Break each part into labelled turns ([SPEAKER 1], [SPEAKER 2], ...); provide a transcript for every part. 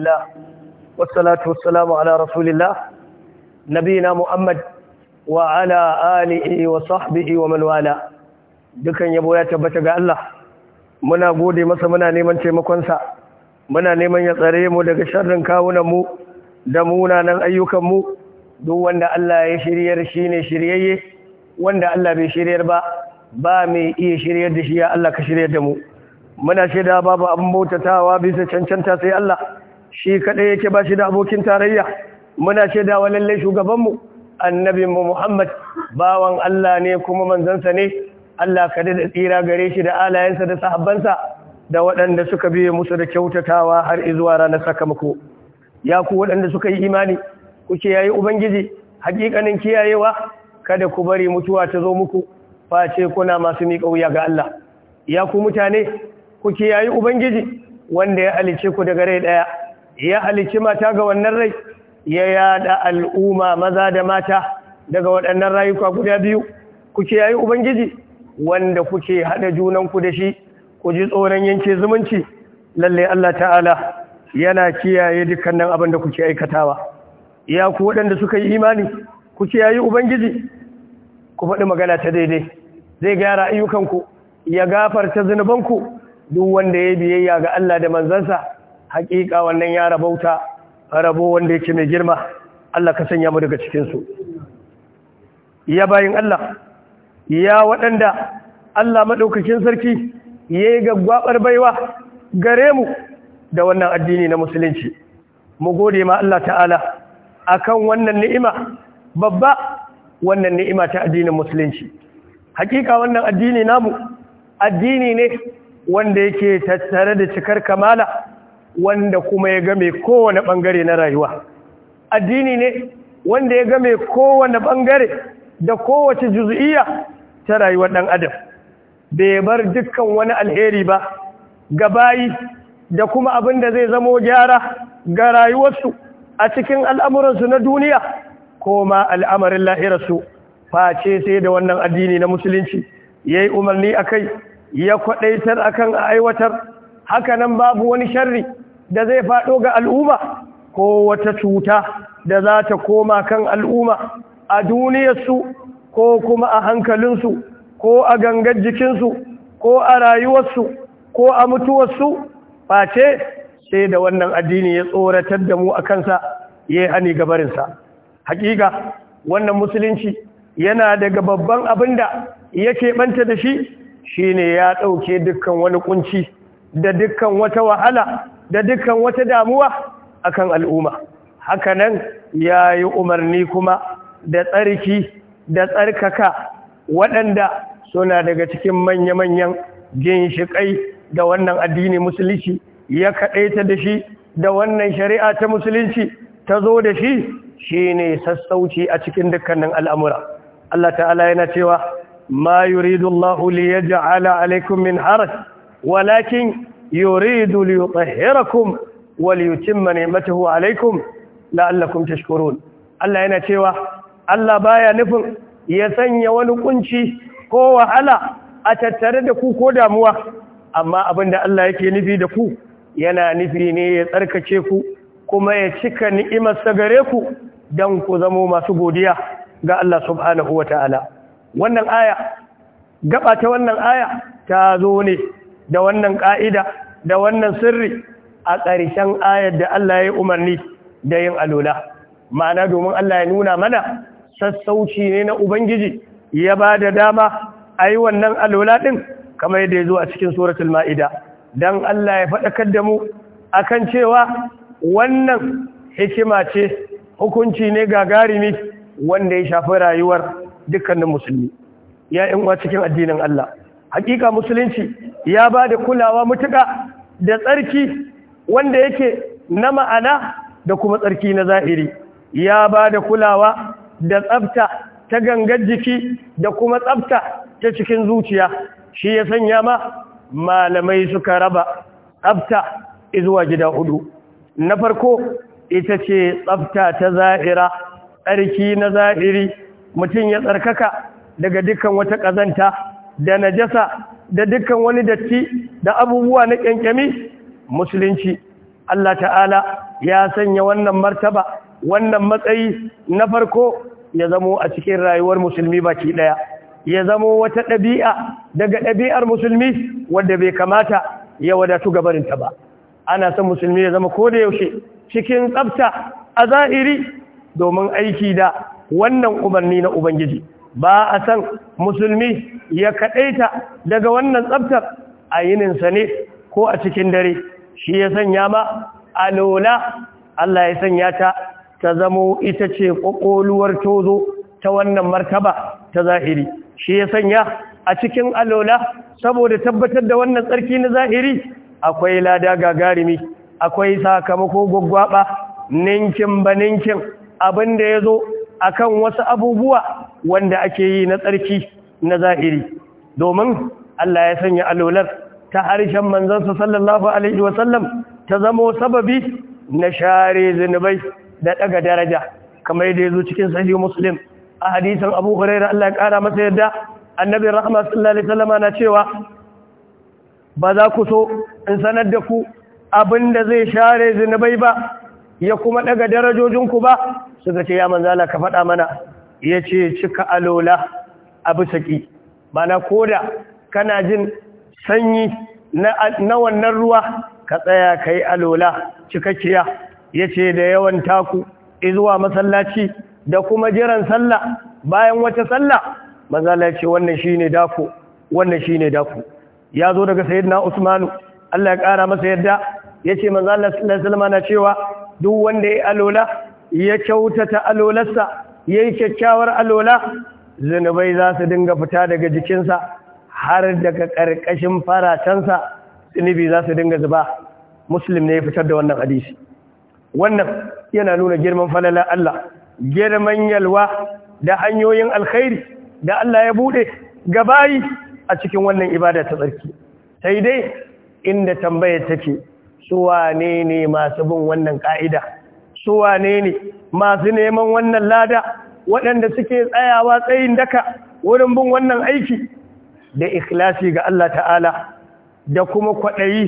[SPEAKER 1] الله والصلاة والسلام على رسول الله نبينا محمد وعلى آله وصحبه ومن والاه dukan yabo ya tabbata ga Allah muna gode masa muna neman taimakonsa muna neman ya tsare mu daga sharrin kawunan mu da munanan ayyukan mu duk wanda Allah ya shiryar shine shiryayye wanda Allah bai shiryar ba ba mai iya shiryar da shi ya Allah ka shiryar da mu muna shaida babu abin bautatawa bisa cancanta sai Allah shi kadai yake ba shi da abokin tarayya muna shaidawa lallai shugabanmu annabinmu Muhammad bawan Allah ne kuma manzansa ne Allah ka da tsira gare shi da alayensa da sahabbansa da waɗanda suka biye musu da kyautatawa har izuwa ranar sakamako ya ku waɗanda suka yi imani ku yi ubangiji hakikanin kiyayewa kada ku bari mutuwa ta zo muku face kuna masu miƙa wuya ga Allah ya ku mutane ku yayi ubangiji wanda ya alice ku daga rai ɗaya ya halicci mata ga wannan rai ya yada al'umma maza da mata daga waɗannan rayuka guda biyu kuke yayi ubangiji wanda kuke hada ku da shi ku ji tsoron yanke zumunci lalle Allah ta'ala yana kiyaye dukkanin abin da kuke aikatawa ya ku waɗanda suka yi imani kuke yayi ubangiji ku faɗi magana ta daidai zai gyara ayyukanku ya gafarta zunubanku duk wanda ya biyayya ga Allah da manzansa haƙiƙa wannan ya rabauta rabo wanda yake mai girma Allah ka sanya mu daga cikinsu ya bayin Allah ya waɗanda Allah maɗaukakin sarki ya yi gaggwaɓar baiwa gare mu da wannan addini na musulunci mu gode ma Allah ta'ala akan wannan ni'ima babba wannan ni'ima ta addinin musulunci hakika wannan addini namu addini ne wanda yake tattare da cikar kamala wanda kuma ya game kowane bangare na rayuwa addini ne wanda ya game kowane bangare da kowace juz'iyya ta rayuwar ɗan adam bai bar dukkan wani alheri ba ga bayi da kuma abin da zai zamo gyara ga rayuwarsu a cikin al'amuransu na duniya ko ma al'amarin lahirarsu face sai da wannan addini na musulunci ya yi umarni a kai ya kwaɗaitar a kan a aiwatar nan babu wani sharri da zai faɗo ga al'umma ko wata cuta da za ta koma kan al'umma a duniyarsu ko kuma a hankalinsu ko a gangar jikinsu ko a rayuwarsu ko a mutuwarsu ce sai da wannan addini ya tsoratar da mu a kansa ya yi hani gabarinsa hakika wannan musulunci yana daga babban abin da yake banta da shi shi ne ya ɗauke dukkan wani kunci da dukkan wata wahala da dukkan wata damuwa akan al'umma hakanan yayi umarni kuma da tsarki da tsarkaka waɗanda suna daga cikin manya-manyan ginshiƙai da wannan addini musulunci ya kaɗaita da shi da wannan shari'a ta musulunci ta zo da shi shi ne sassauci a cikin dukkanin al'amura Allah ta'ala yana cewa ma yuridullahu li yaj'ala alaikum min haraj walakin يريد ليطهركم وليتم نعمته عليكم لعلكم تشكرون Allah yana cewa Allah baya nufin ya sanya wani kunci ko wahala a tattare da ku ko damuwa amma abinda Allah yake nufi da ku yana nufi ne ya tsarkake ku kuma ya cika sa gare ku don ku zamo masu godiya ga Allah subhanahu wa ta'ala. Wannan aya, gaba ta wannan aya ta zo ne da wannan ƙa'ida da wannan sirri a ƙarshen ayar da Allah ya umarni da yin alola ma'ana domin Allah ya nuna mana sassauci ne na Ubangiji ya ba da dama a yi wannan alola ɗin kamar yadda ya zo a cikin suratul ma'ida don Allah ya faɗakar da mu a kan cewa wannan hikima ce hukunci ne gagarumi wanda ya shafi rayuwar dukkanin musulmi ya'yan wa cikin addinin Allah hakika musulunci ya ba da kulawa mutuka da tsarki wanda yake na ma'ana da kuma tsarki na zahiri ya ba da kulawa da tsafta ta gangar jiki da kuma tsafta ta cikin zuciya shi ya sanya ma malamai suka raba tsafta izuwa gida hudu na farko ita ce tsafta ta zahira tsarki na zahiri mutum ya tsarkaka daga dukkan wata ƙazanta da najasa da dukkan wani datti da abubuwa na kyankyami musulunci Allah ta'ala ya sanya wannan martaba wannan matsayi na farko ya zamo a cikin rayuwar musulmi baki daya ya zamo wata ɗabi'a daga ɗabi'ar musulmi wanda bai kamata ya wadatu gabarinta ba ana son musulmi ya zama koda yaushe cikin tsafta a zahiri domin aiki da wannan umarni na ubangiji ba a san musulmi ya kaɗaita daga wannan tsabtar a yininsa ne ko a cikin dare shi ya sanya ma alola Allah ya sanya ta ta zamo ita ce ƙwaƙoluwar tozo ta wannan martaba ta zahiri shi ya sanya a cikin alola saboda tabbatar da wannan tsarki na zahiri akwai lada gagarumi akwai sakamako gwaggwaba ninkin ba ninkin abin ya zo a kan wasu abubuwa wanda ake yi na tsarki na zahiri domin Allah ya sanya alolar ta harshen manzansa sallallahu alaihi wasallam ta zamo sababi na share zunubai da daga daraja kamar ya zo cikin sahih muslim a hadisin abu hurairah Allah ya kara masa yadda annabi rahma sallallahu alaihi wasallam na cewa ba za ku so in sanar da ku abinda zai share zunubai ba ya kuma daga darajojinku ba suka ce ya manzala ka faɗa mana ya ce cika alola a bisaki mana da kana jin sanyi na wannan ruwa ka tsaya ka yi alola cikakkiya ya ce da yawan taku izuwa masallaci da kuma jiran sallah bayan wata sallah manzala ce wannan shi ne dako wannan shi ne dako ya zo daga sayidina usmanu allah ya kara masa yadda ya ce manzala salama na cewa duk wanda ya yi alola ya kyautata alolarsa ya yi kyakkyawar alola zunubai za su dinga fita daga jikinsa har daga ƙarƙashin faratansa zunubi za su dinga zuba Musulun ne ya fitar da wannan hadisi wannan yana nuna girman falala Allah girman yalwa da hanyoyin alkhairi da Allah ya buɗe gabayi a cikin wannan ibada ta tsarki sai dai inda tambayar take su wane ne masu bin wannan ka'ida su wane ne masu neman wannan lada waɗanda suke tsayawa tsayin daka wurin bin wannan aiki da ikhlasi ga Allah ta'ala da kuma kwaɗayi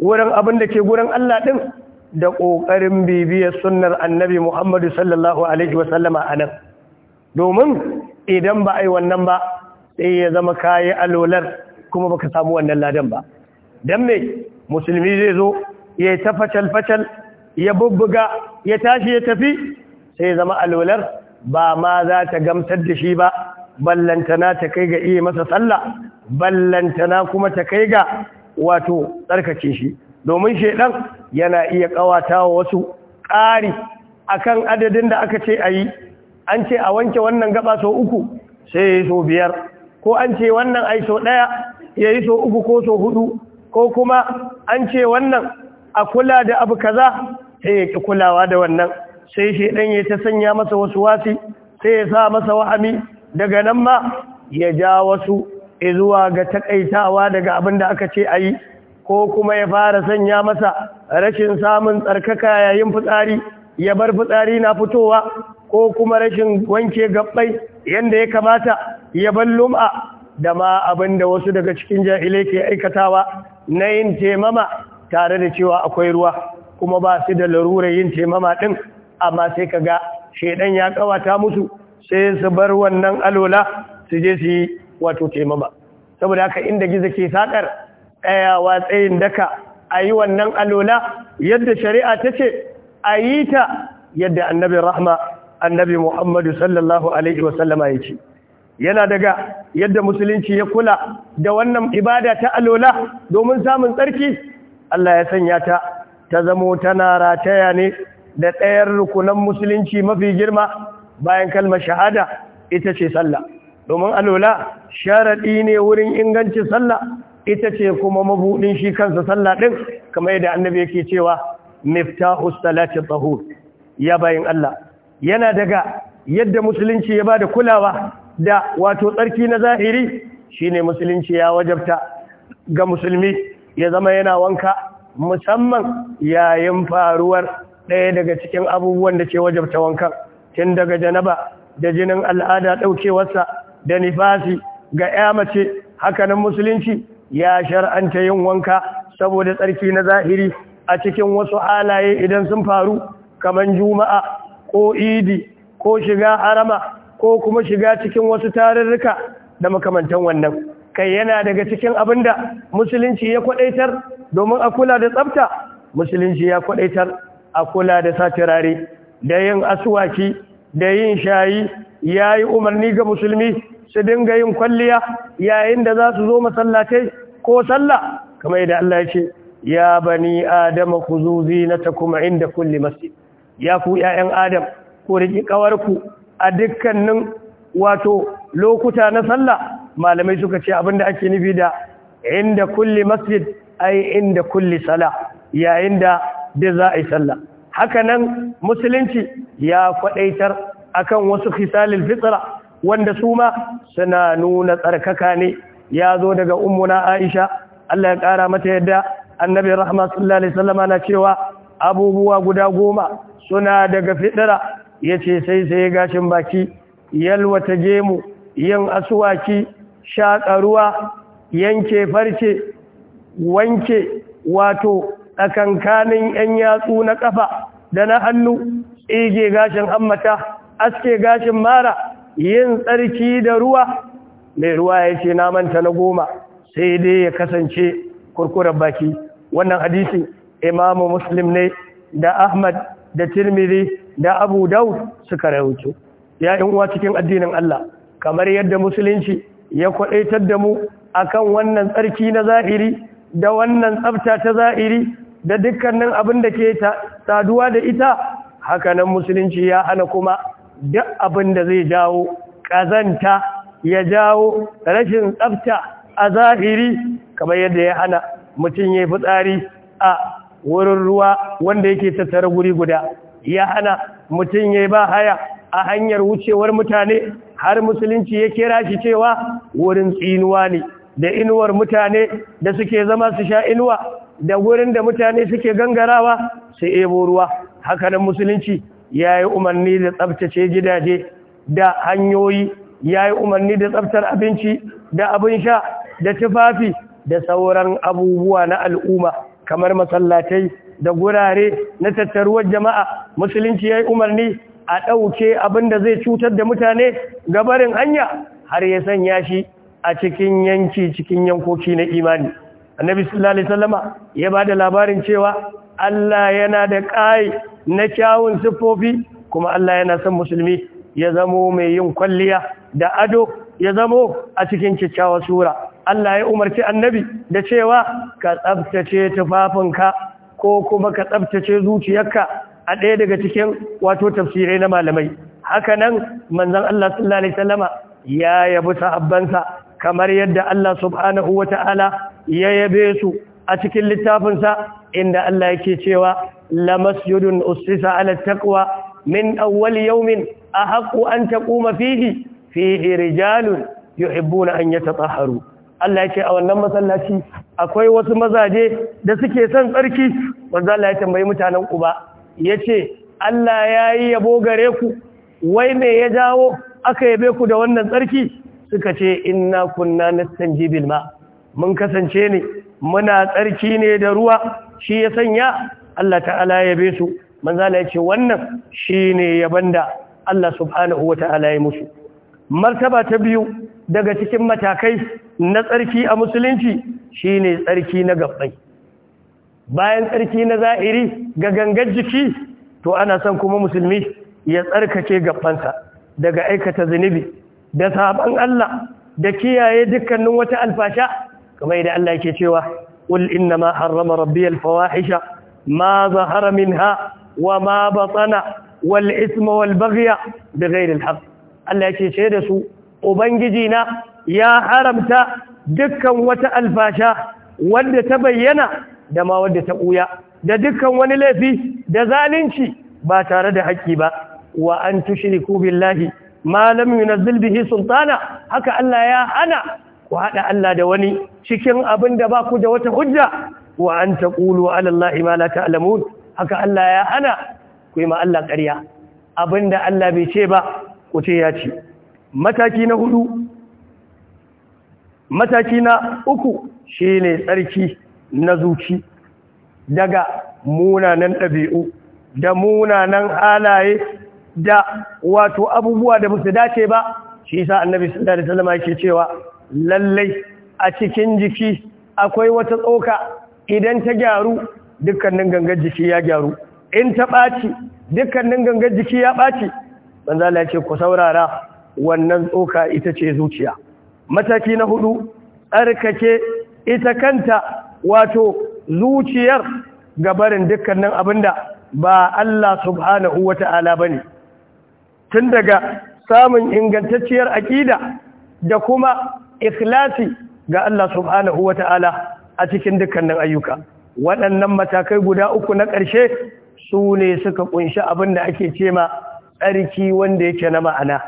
[SPEAKER 1] wurin abin da ke gurin Allah ɗin da ƙoƙarin bibiyar sunnar annabi Muhammadu sallallahu Alaihi wasallama a nan domin idan ba a yi wannan ba sai ya zama kayi alolar kuma baka samu wannan ladan ba don me musulmi zai zo ya yi ta facal-facal ya bubbuga ya tashi ya tafi sai zama alwalar ba ma za ta gamsar da shi ba ballantana ta kai ga iya masa sallah ballantana kuma ta kai ga wato tsarkake shi domin shaidan yana iya wa wasu ƙari akan adadin da aka ce a yi an ce a wanke wannan gaba sau uku sai ya yi sau biyar ko an ce wannan ai sau ɗaya ya yi sau uku ko sau huɗu ko kuma an ce wannan a kula da abu kaza sai ya ƙi kulawa da wannan sai shi ɗan ya ta sanya masa wasu wasi sai ya sa masa wahami daga nan ma ya ja wasu zuwa ga takaitawa daga abin da aka ce a yi ko kuma ya fara sanya masa rashin samun tsarkaka yayin fitsari ya bar fitsari na fitowa ko kuma rashin wanke gabbai yadda ya kamata ya bar lum'a da ma abin da wasu daga cikin jahilai ke aikatawa na yin temama tare da cewa akwai ruwa kuma ba su da larurar yin taimama ɗin amma sai ka ga shaidan ya kawata musu sai su bar wannan alola su je su yi wato taimama saboda haka inda gizo ke saƙar ɗaya tsayin daka a yi wannan alola yadda shari'a ta ce a yi ta yadda annabi rahma annabi muhammadu sallallahu alaihi wasallama ya ce yana daga yadda musulunci ya kula da wannan ibada ta alola domin samun tsarki Allah ya sanya ta ta zamo tana rataya ne da ɗayar rukunan musulunci mafi girma bayan kalma shahada ita ce sallah domin alola sharaɗi ne wurin ingancin sallah ita ce kuma mabuɗin shi kansa sallah ɗin kamar yadda annabi yake cewa miftahus salati tahur ya bayin Allah yana daga yadda musulunci ya bada kulawa da wato tsarki na zahiri shine musulunci ya wajabta ga musulmi ya zama yana wanka musamman yayin faruwar ɗaya daga cikin abubuwan da ke wajabta wankan tun daga janaba da jinin al'ada ɗaukewarsa da nifasi ga ya mace hakanan musulunci ya shar'anta yin wanka saboda tsarki na zahiri a cikin wasu halaye idan sun faru kamar juma'a ko idi ko shiga harama ko kuma shiga cikin wasu tarurruka da makamantan wannan kai yana daga cikin abin da musulunci ya kwaɗaitar domin a kula da tsafta musulunci ya kwadaitar a kula da satirare da yin aswaki da yin shayi ya yi umarni ga musulmi su dinga yin kwalliya yayin da za su zo masallatai ko sallah kamar yadda Allah ya ce ya bani adama ku zinata kuma inda kulli masjid ya ku ƴaƴan adam ku riki ƙawarku a dukkanin wato lokuta na sallah malamai suka ce abinda ake nufi da inda kulle masjid ai inda kulli sala yayin da da za a yi sallah hakanan musulunci ya kwadaitar akan wasu khisalil fitra wanda su ma suna nuna tsarkaka ne ya zo daga ummuna Aisha Allah ya kara mata yadda annabi rahma sallallahu alaihi wasallama na cewa abubuwa guda goma suna daga fitra yace sai sai gashin baki Yalwa ta gemu yin asuwaki shaƙa ruwa yanke farce wanke wato tsakankanin ‘yan yatsu na ƙafa da na hannu tsige gashin hammata aske gashin mara yin tsarki da ruwa mai ruwa ya ce na manta na goma sai dai ya kasance kurkura baki wannan hadisi imamu muslim ne da ahmad da tirmidhi da abu daud suka rahoto ya uwa cikin addinin Allah kamar yadda musulunci ya kwadaitar da mu akan wannan tsarki na zahiri da wannan tsafta ta za'iri da dukkanin abin da ke saduwa da ita hakanan musulunci ya hana kuma duk abin da zai jawo kazanta ya jawo rashin tsafta a zahiri kamar yadda ya hana mutum ya fitsari a wurin ruwa wanda yake tattara guri guda ya hana mutum ya ba haya a hanyar wucewar mutane har musulunci ya kira shi cewa wurin tsinuwa ne da inuwar mutane da suke zama su sha inuwa da gurin da mutane suke gangarawa su ebo ruwa hakanan musulunci ya yi umarni da tsabtace gidaje da hanyoyi ya yi umarni da tsabtar abinci da abin sha da tufafi da sauran abubuwa na al'umma kamar masallatai da gurare na tattaruwar jama'a musulunci ya yi umarni a ɗauke abin da zai cutar da mutane gabarin hanya har ya sanya shi a cikin yanki cikin yankoki na imani annabi sallallahu alaihi wasallama ya bada labarin cewa Allah yana da kai na kyawun siffofi kuma Allah yana son musulmi ya zamo mai yin kwalliya da ado ya zamo a cikin kyakkyawa sura Allah ya umarci annabi da cewa ka tsabtace tufafinka ko kuma ka tsabtace zuciyarka a ɗaya daga cikin wato tafsirai na malamai haka nan manzon Allah sallallahu alaihi wasallama ya yabi sahabbansa kamar yadda Allah subhanahu wata'ala ya yabe su a cikin littafin sa inda Allah yake cewa la masjidun ussisa ala taqwa min awwal yawmin ahaqqu an taquma fihi fihi rijalun yuhibbuna an yatahharu Allah yake a wannan masallaci akwai wasu mazaje da suke son tsarki wanda Allah ya tambayi mutanen ku ba yace Allah yayi yabo gare ku wai me ya jawo aka yabe ku da wannan tsarki suka ce inna kunna na canji ma mun kasance ne muna tsarki ne da ruwa shi ya sanya Allah ta'ala ya be su manzo Allah ya ce wannan Shi ne yaban da Allah subhanahu ta'ala ya musu martaba ta biyu daga cikin matakai na tsarki a musulunci shi ne tsarki na gabbai bayan tsarki na za'iri ga gangar jiki to ana son kuma musulmi ya tsarkake gabbansa daga aikata zunubi da saban Allah da kiyaye dukkanin wata alfasha kamar yadda Allah yake cewa qul inna ma harrama rabbi alfawahisha ma zahara minha wa ma batana wal isma wal baghya bighayri alhaq Allah yake ce da su ubangiji na ya haramta dukkan wata alfasha wanda ta bayyana da ma wanda ta kuya da dukkan wani laifi da zalunci ba tare da haƙi ba wa an tushriku billahi ma lam yunzil bihi sultana haka Allah ya hana ku hada Allah da wani cikin abinda da ba ku da wata hujja wa an taqulu ala Allahi ma la ta'lamun haka Allah ya hana ku yi ma Allah ƙarya abinda Allah bai ce ba ku ce ya ce mataki na hudu mataki na uku shine tsarki na zuci daga munanan ɗabi'u da munanan halaye da wato abubuwa da musu dace ba shi yasa annabi sallallahu alaihi wasallam yake cewa lallai a cikin jiki akwai wata tsoka idan ta gyaru dukkanin gangar jiki ya gyaru in ta baci dukkanin gangar jiki ya baci manzo Allah ce ku saurara wannan tsoka ita ce zuciya mataki na hudu tsarkake ita kanta wato zuciyar gabarin dukkanin abinda ba Allah subhanahu wata'ala bane tun daga samun ingantacciyar aƙida da kuma ikhlasi ga Allah subhanahu wa ta'ala a cikin dukkanin ayyuka waɗannan matakai guda uku na ƙarshe su ne suka ƙunshi abin da ake ce ma tsarki wanda yake na ma'ana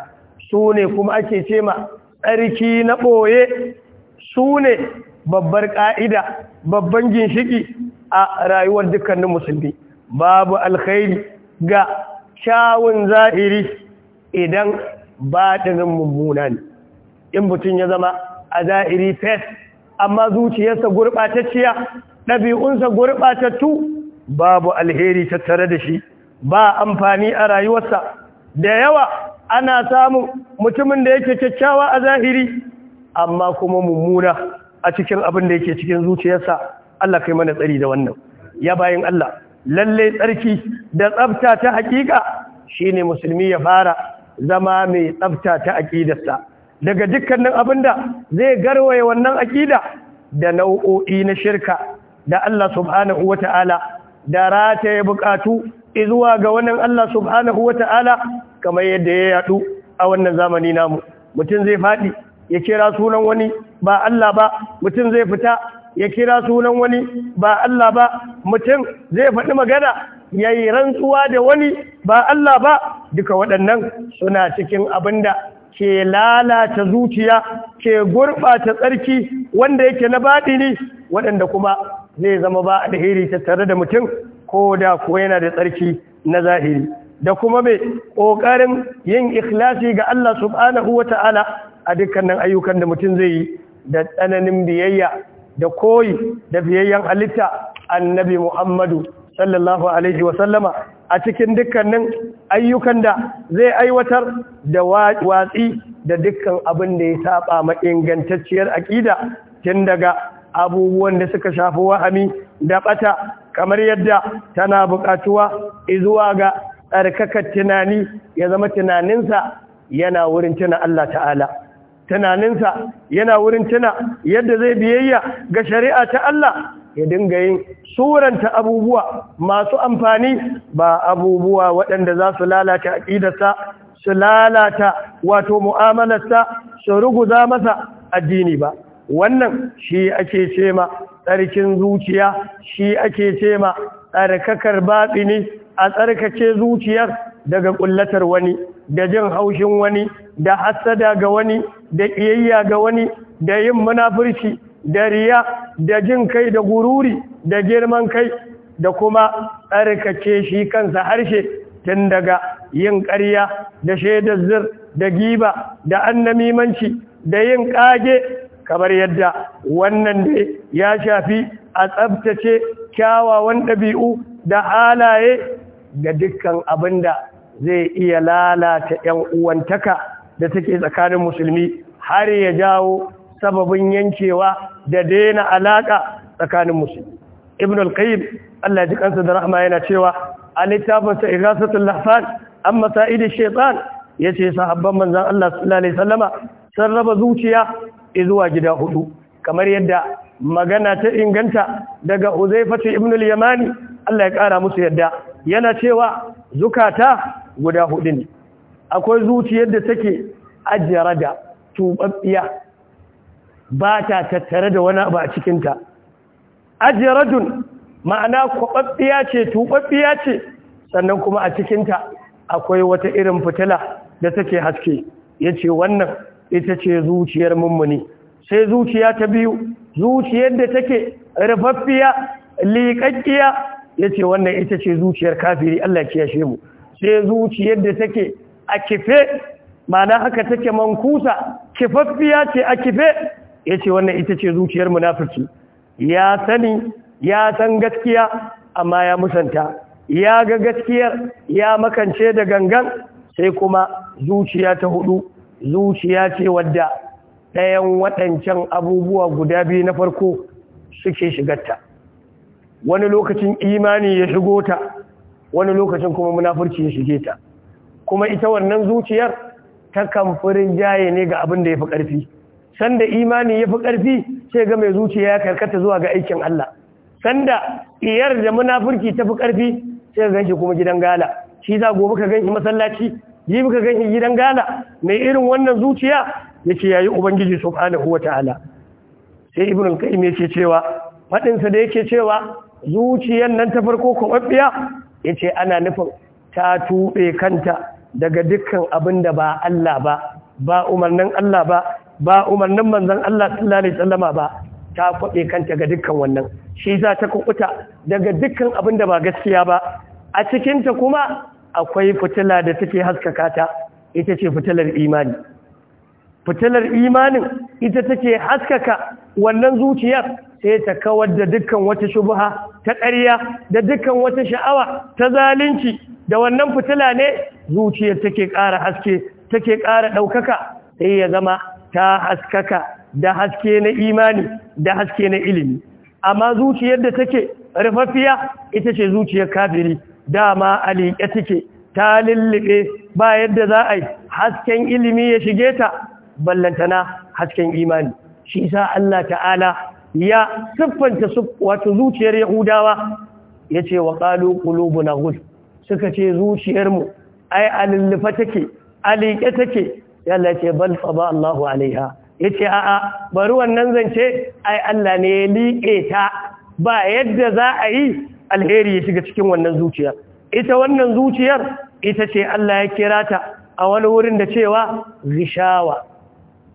[SPEAKER 1] su ne kuma ake ce ma tsarki na ɓoye su ne babbar ƙa'ida babban ginshiki a rayuwar dukkanin musulmi babu alkhairi ga kyawun zahiri idan batinin mummuna ne in mutum ya zama a za'iri fes amma zuciyarsa gurɓatacciya ɗabi'unsa gurɓatattu babu alheri tattare da shi ba amfani a rayuwarsa da yawa ana samun mutumin da yake kyakkyawa a zahiri amma kuma mummuna a cikin abin da yake cikin zuciyarsa Allah kai mana tsari da wannan ya bayan Allah lalle tsarki da tsafta ta hakika shine musulmi ya fara zama mai tsafta ta aƙidarsa daga dukkanin abinda zai garwaye wannan aƙida da nau'o'i na shirka da Allah subhanahu wata'ala da ya bukatu izuwa ga wannan Allah subhanahu wata'ala kamar yadda ya yadu a wannan zamani namu mutum zai fadi ya kira sunan wani ba Allah ba mutum zai fita ya kira sunan wani ba Allah ba mutum zai faɗi magana ya yi rantsuwa da wani ba Allah ba duka waɗannan suna cikin abin da ke lalata zuciya ke gurɓata tsarki wanda yake na baɗi baɗini waɗanda kuma zai zama ba alheri tattare da mutum ko da kuwa yana da tsarki na zahiri da kuma mai ƙoƙarin yin ikhlasi ga Allah subhanahu wa ta'ala a dukkanin ayyukan da mutum zai yi da tsananin biyayya da koyi da biyayyan halitta annabi Muhammadu sallallahu alaihi wasallama a cikin dukkanin ayyukan da zai aiwatar da watsi da dukkan abin da ya saba ma ingantacciyar aƙida tun daga abubuwan da suka shafi wahami da bata kamar yadda tana buƙatuwa izuwa ga tsarkakar tunani ya zama tunaninsa yana wurin tuna Allah ta'ala tunaninsa yana wurin tuna yadda zai biyayya ga shari'a ta Allah ya dinga yin suranta abubuwa masu amfani ba abubuwa waɗanda za su lalata aƙidarsa su lalata wato mu'amalarsa su ruguza masa addini ba wannan shi ake ce ma tsarkin zuciya shi ake ce ma tsarkakar ne a tsarkace zuciyar daga ƙullatar wani da jin haushin wani da hassada ga wani da ƙiyayya ga wani da yin munafurci da riya da jin kai da gururi da girman kai da kuma tsarkake shi kansa harshe tun daga yin ƙarya da shaidar zir da giba da annamimanci da yin ƙage kamar yadda wannan da ya shafi a tsabtace kyawawan ɗabi'u da halaye ga dukkan abin da zai iya lalata ‘yan uwantaka da take tsakanin musulmi har ya jawo sababin yankewa da daina alaƙa tsakanin musulmi ibn al-qayyim Allah ji kansa da rahma yana cewa a littafin sa igasatul lahfan an masaidi shaytan yace sahabban manzon Allah sallallahu alaihi wasallama sun raba zuciya zuwa gida hudu kamar yadda magana ta inganta daga Huzaifatu ibn al-Yamani Allah ya kara musu yadda yana cewa zukata guda hudu ne akwai zuciyar da take ajrada tubabbiya ba ta tattare da wani abu a cikinta ajiyarajun ma'ana kwaɓaɓɓiya ce tuɓaɓɓiya ce sannan kuma a cikinta akwai wata irin fitila da take haske ya ce wannan ita ce zuciyar mummuni sai zuciya ta biyu zuciyar da take rufaffiya liƙaƙƙiya ya ce wannan ita ce zuciyar kafiri Allah ya shi mu sai zuciyar da take a kife mana haka take mankusa kifaffiya ce a kife ya ce wannan ita ce zuciyar munafurci. ya sani ya san gaskiya amma ya musanta ya ga gaskiyar ya makance da gangan sai kuma zuciya ta hudu zuciya ce wadda ɗayan waɗancan abubuwa guda biyu na farko suke shigarta wani lokacin imani ya shigo ta wani lokacin kuma munafurci ya shige ta kuma ita wannan zuciyar ta kamfurin jaye ne ga abin da ya fi ƙarfi sanda imani ya fi ƙarfi sai ga mai zuciya ya karkata zuwa ga aikin Allah sanda iyar da munafurki ta fi ƙarfi sai ga ganshi kuma gidan gala shi za gobe ka ganshi masallaci jibi ka ganshi gidan gala mai irin wannan zuciya yake yayi ubangiji subhanahu Ta'ala, sai ibnu al-qayyim yace cewa fadin sa da yake cewa zuciyar nan ta farko kwabbiya yace ana nufin ta tube kanta daga dukkan abinda ba Allah ba ba umarnin Allah ba ba umarnin manzon Allah sallallahu alaihi ba ta kwabe kanta ga dukkan wannan shi za ta kukuta daga dukkan abin da ba gaskiya ba a cikin ta kuma akwai fitila da take haskaka ta ita ce fitilar imani fitilar imanin ita take haskaka wannan zuciyar sai ta kawar da dukkan wata shubha ta ƙarya da dukkan wata sha'awa ta zalunci da wannan fitila ne zuciyar take ƙara haske take ƙara ɗaukaka sai ya zama ta haskaka da haske na imani da haske na ilimi amma zuciyar da take rufaffiya ita ce zuciyar kafiri dama a liƙe take ta lullube ba yadda za a yi hasken ilimi ya shige ta ballantana hasken imani shi sa Allah ta'ala ya siffanta wato zuciyar yahudawa ya ce wa ƙalu ƙulubu na gul suka ce zuciyarmu ai a lullufa take a liƙe take ya Allah ce bal faba Allahu alaiha yace a'a bari wannan zance ai Allah ne ya liƙe ta ba yadda za a yi alheri ya shiga cikin wannan zuciyar ita wannan zuciyar ita ce Allah ya kira ta a wani wurin da cewa rishawa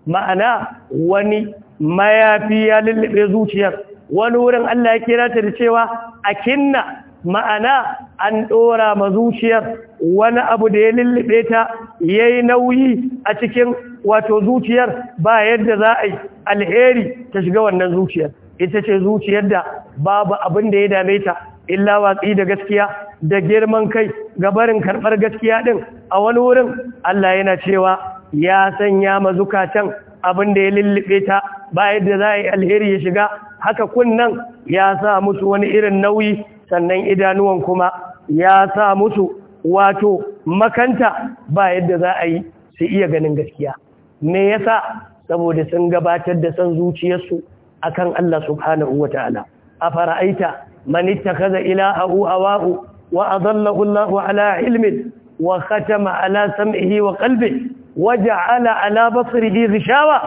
[SPEAKER 1] ma'ana wani mayafi ya lullube zuciyar wani wurin Allah ya kira ta da cewa akinna ma'ana an ɗora ma zuciyar wani abu da ya lullube ta ya yi nauyi a cikin wato zuciyar ba yadda za a yi alheri ta shiga wannan zuciyar ita ce zuciyar da babu abin da ya dame ta illa watsi da gaskiya da girman kai ga barin karɓar gaskiya ɗin a wani wurin Allah yana cewa ya sanya ma zukatan abin da ya lullube ta ba yadda za a yi alheri ya shiga haka kunnan ya sa musu wani irin nauyi sannan idanuwan kuma ya sa musu wato makanta ba yadda za a yi su iya ganin gaskiya me yasa saboda sun gabatar da san zuciyarsu akan Allah subhanahu wata'ala a fara'aita man ittakhadha ilahahu hawahu wa adallahu Allahu ala ilmin wa khatama ala sam'ihi wa qalbi wa ja'ala ala basrihi ghishawa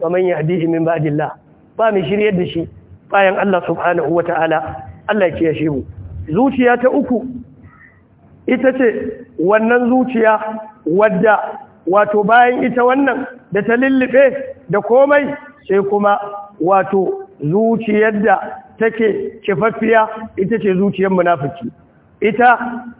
[SPEAKER 1] wa man yahdihi min ba'dillah ba mai shiryar da shi bayan Allah subhanahu wata'ala Allah ya kiyashe mu zuciya ta uku ita ce wannan zuciya wadda wato bayan ita wannan da ta lullufe da komai sai kuma wato zuciyar da take kifaffiya ita ce zuciyar munafiki ita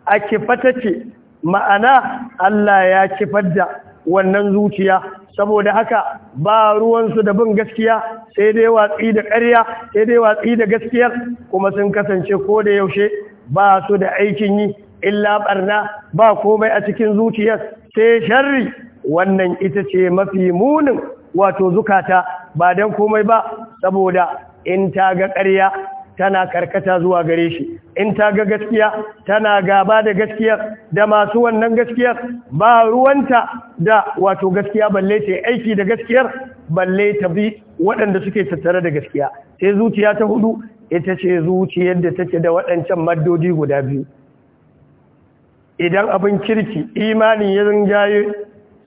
[SPEAKER 1] a kifata ce ma'ana Allah ya kifar da wannan zuciya saboda haka ba ruwansu da bin gaskiya sai dai watsi da ƙarya sai dai watsi da gaskiyar kuma sun kasance ko da yaushe ba su da aikin yi illa barna ba komai a cikin zuciyar sai sharri wannan ita ce mafi munin wato zukata ba don komai ba saboda in ta ga ƙarya tana karkata zuwa gare shi in ta ga gaskiya tana gaba da gaskiyar da masu wannan gaskiyar ba ruwanta da wato gaskiya balle ce aiki da gaskiyar balle ta bi waɗanda suke tattare da gaskiya sai zuciya ta hudu ita ce zuciyar da take da waɗancan maddodi guda biyu idan abin kirki imani ya rinjaye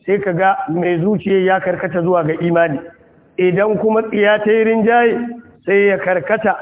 [SPEAKER 1] sai ka ga mai zuciya ya karkata zuwa ga imani idan kuma tsiya ta yi rinjaye sai ya karkata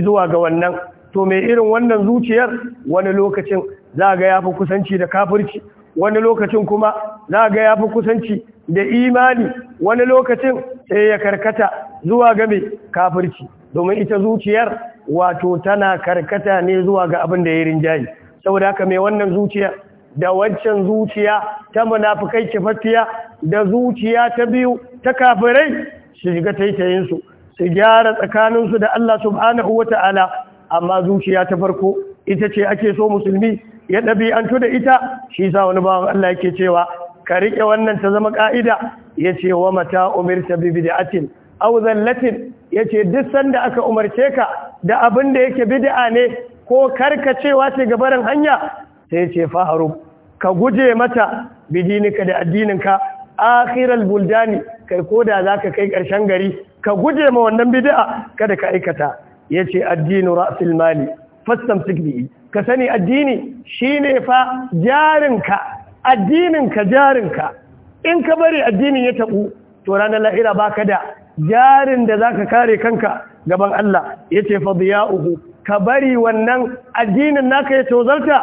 [SPEAKER 1] zuwa ga wannan to mai irin wannan zuciyar wani lokacin za ga yafi kusanci da kafirci wani lokacin kuma za ga yafi kusanci da imani wani lokacin sai ya karkata zuwa ga mai kafirci domin ita zuciyar wato tana karkata ne zuwa ga abin da ya rinjayi saboda haka mai wannan zuciya da wancan zuciya ta munafikai kifatiya da zuciya ta biyu ta kafirai su shiga taitayinsu su gyara tsakaninsu da Allah subhanahu wa ta'ala amma zuciya ta farko ita ce ake so musulmi ya ɗabi'antu da ita shi sa wani bawan Allah yake cewa ka riƙe wannan ta zama ƙa'ida ya ce wa mata umirta bi bid'atin aw zallatin ya ce duk sanda aka umarce ka da abin da yake bid'a ne ko cewa ce gabarin hanya sai ce faharu ka guje mata bidinika da addininka akhiral buldani kai koda zaka kai ƙarshen gari ka guje ma wannan bid'a kada ka aikata yace addinu ra'sul mali fastamsik bihi ka sani addini shine fa jarinka addininka jarinka in ka bari addinin ya tabu to ranar lahira baka da jarin da zaka kare kanka gaban Allah yace fa ugu. ka bari wannan addinin naka ya tozalta.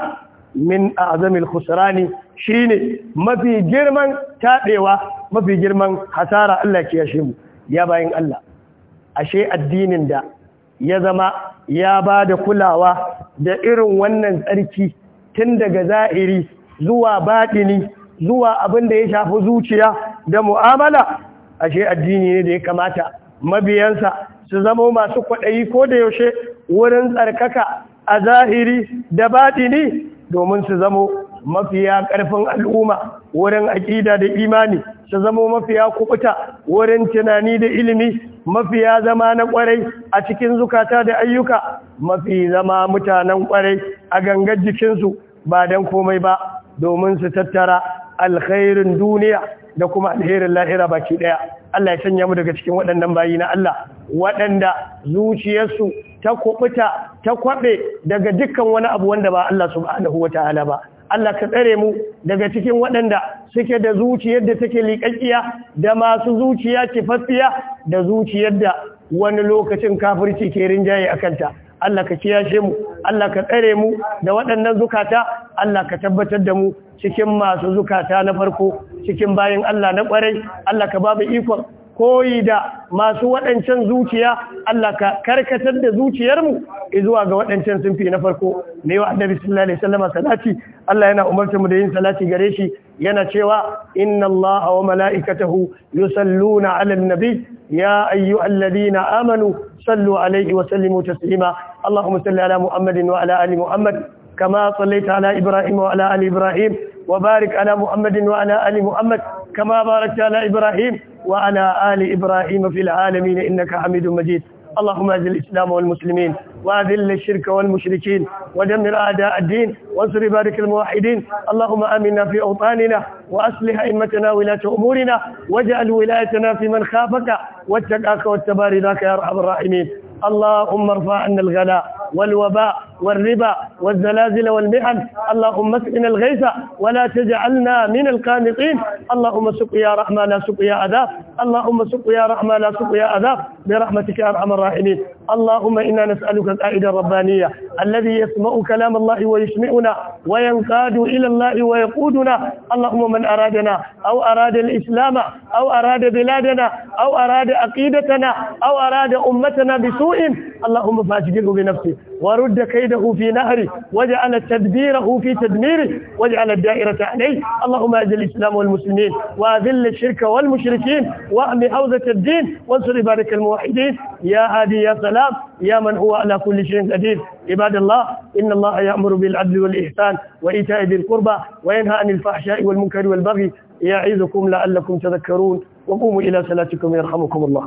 [SPEAKER 1] min azamil khusrani shine mafi girman tadewa mafi girman hasara Allah ya kiyashe mu ya bayan Allah ashe addinin da ya zama ya ba da kulawa da irin wannan tsarki tun daga za'iri zuwa baɗini zuwa abin da ya shafi zuciya da mu'amala ashe addini ne da ya kamata mabiyansa su zama masu kwaɗayi ko da yaushe wurin tsarkaka a zahiri da baɗini domin su zamo mafiya ƙarfin al'umma wurin aƙida da imani su zama mafiya kubuta wurin tunani da ilimi mafiya zama na kwarai a cikin zukata da ayyuka mafi zama mutanen kwarai a gangar jikinsu ba don komai ba domin su tattara alkhairin duniya da kuma alherin lahira baki daya Allah ya sanya mu daga cikin waɗannan bayi na Allah waɗanda zuciyarsu ta kubuta ta kwabe daga dukkan wani abu wanda ba Allah subhanahu wataala ba Allah ka tsare mu daga cikin waɗanda suke da zuciyar da take liƙaƙiya da masu zuciya fasfiya da zuciyar da wani lokacin kafirci ke rinjaye a kanta Allah ka kiyashe mu Allah ka tsare mu da waɗannan zukata Allah ka tabbatar da mu cikin masu zukata na farko cikin bayan Allah na ƙwarai Allah ka ba mu ikon koyi da masu waɗancan zuciya Allah ka karkatar da zuciyarmu zuwa ga waɗancan sunfi na farko ne wa annabi sallallahu alaihi wasallam salati Allah yana umarta mu da yin salati gare shi yana cewa inna Allah wa mala'ikatahu yusalluna 'alan nabi ya ayyuhalladhina amanu sallu alaihi wa sallimu taslima Allahumma salli ala Muhammadin wa ala ali Muhammad kama كما صليت على إبراهيم وعلى آل إبراهيم وبارك على محمد وعلى آل محمد كما باركت على إبراهيم وعلى آل إبراهيم في العالمين إنك حميد مجيد اللهم اذل الإسلام والمسلمين وأذل الشرك والمشركين ودمر أعداء الدين وانصر بارك الموحدين اللهم آمنا في أوطاننا وأصلح أئمتنا ولاة أمورنا واجعل ولايتنا في من خافك واتقاك واتبارك يا أرحم الراحمين اللهم ارفع عنا الغلاء والوباء والربا والزلازل والمحن اللهم اسقنا الغيث ولا تجعلنا من القانطين اللهم سق يا رحمن لا سق يا عذاب اللهم سق يا رحمن لا سق يا عذاب برحمتك يا أرحم الراحمين اللهم إنا نسألك القائد الربانية الذي يسمع كلام الله ويسمعنا وينقاد إلى الله ويقودنا اللهم من أرادنا أو أراد الإسلام أو أراد بلادنا أو أراد عقيدتنا أو أراد أمتنا بسوء اللهم فأشغله بنفسه ورد كيده في نهره وجعل تدبيره في تدميره وجعل الدائرة عليه اللهم أذل الإسلام والمسلمين وأذل الشرك والمشركين وأمي حوزة الدين وانصر بارك الموحدين يا هادي يا سلام يا من هو على كل شيء قدير عباد الله إن الله يأمر بالعدل والإحسان وإيتاء ذي القربى وينهى عن الفحشاء والمنكر والبغي يعظكم لعلكم تذكرون وقوموا إلى صلاتكم يرحمكم الله